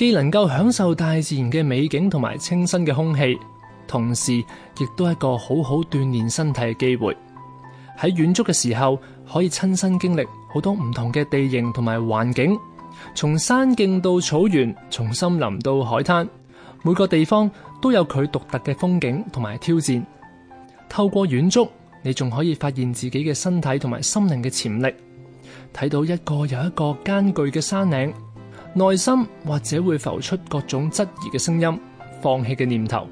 既能夠享受大自然嘅美景同埋清新嘅空氣，同時亦都係一個好好鍛煉身體嘅機會。喺遠足嘅時候，可以親身經歷好多唔同嘅地形同埋環境，從山徑到草原，從森林到海灘，每個地方都有佢獨特嘅風景同埋挑戰。透過遠足，你仲可以發現自己嘅身體同埋心靈嘅潛力，睇到一個又一個艱巨嘅山嶺。內心或者會浮出各種質疑嘅聲音，放棄嘅念頭，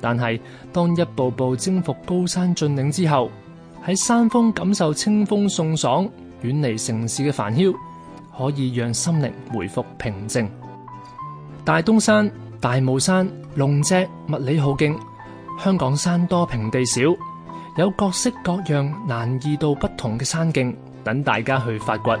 但係當一步步征服高山峻嶺之後，喺山峰感受清風送爽，遠離城市嘅煩囂，可以讓心靈回復平靜。大東山、大帽山、龍脊，物理好景。香港山多平地少，有各式各樣難易度不同嘅山徑，等大家去發掘。